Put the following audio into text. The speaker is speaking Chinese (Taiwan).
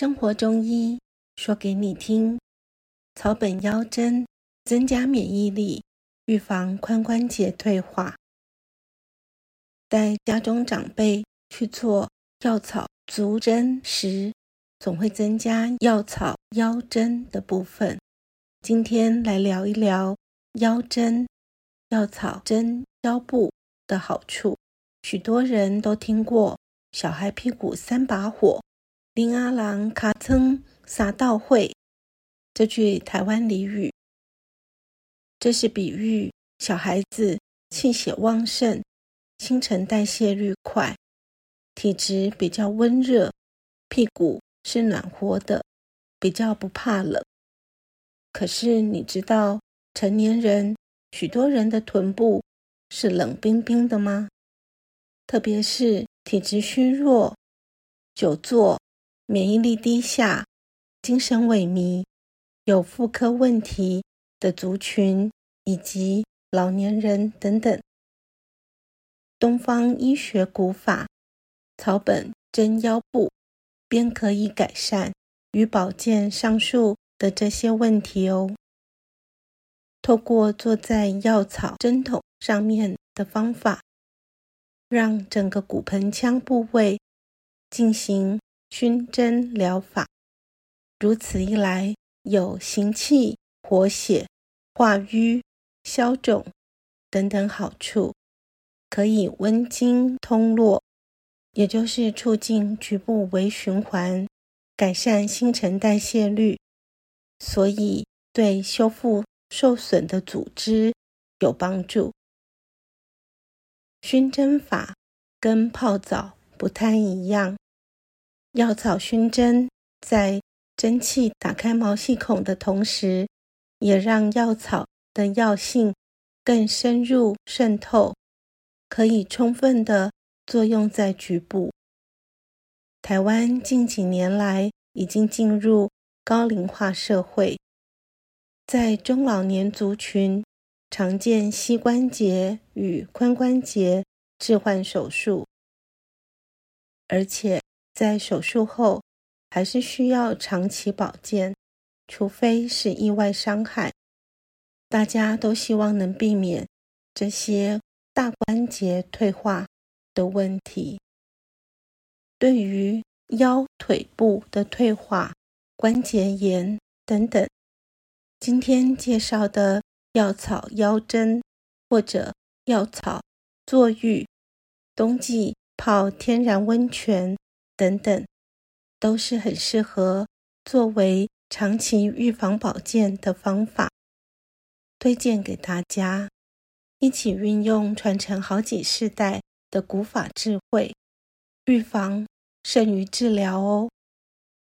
生活中醫說給你聽，草本腰蒸，增加免疫力，預防髖關節退化。帶家中長輩去做藥草足蒸時，總會增加藥草腰蒸的部分。今天來聊一聊腰蒸、藥草蒸腰部的好處。許多人都聽過“小孩屁股三把火”。囡仔人尻川三斗火這句台灣俚語，這是比喻小孩子氣血旺盛，新陳代謝率快，體質比較溫熱，屁股是暖和的，比較不怕冷。可是你知道成年人，許多人的臀部是冷冰冰的嗎？特別是體質虛弱、久坐、免疫力低下、精神萎靡，有婦科問題的族群，以及老年人等等，東方醫學古法草本蒸腰部，便可以改善與保健上述的這些問題哦。透過坐在藥草蒸桶上面的方法，讓整個骨盆腔部位進行，熏蒸療法，如此一來有行氣、活血、化瘀、消腫等等好處，可以溫經通絡，也就是促進局部微循環，改善新陳代謝率，所以對修復受損的組織有幫助。熏蒸法跟泡澡不太一樣。藥草熏蒸，在蒸汽打開毛細孔的同時，也讓藥草的藥性更深入滲透，可以充分地作用在局部。台灣近幾年來已經進入高齡化社會，在中老年族群常見膝關節與髖關節置換手術，而且。在手術後，還是需要長期保健，除非是意外傷害。大家都希望能避免這些大關節退化的問題。對於腰腿部的退化、關節炎等等，今天介紹的藥草腰蒸或者藥草坐浴，冬季泡天然溫泉。等等，都是很適合作為長期預防保健的方法，推薦給大家，一起運用傳承好幾世代的古法智慧，預防勝於治療哦。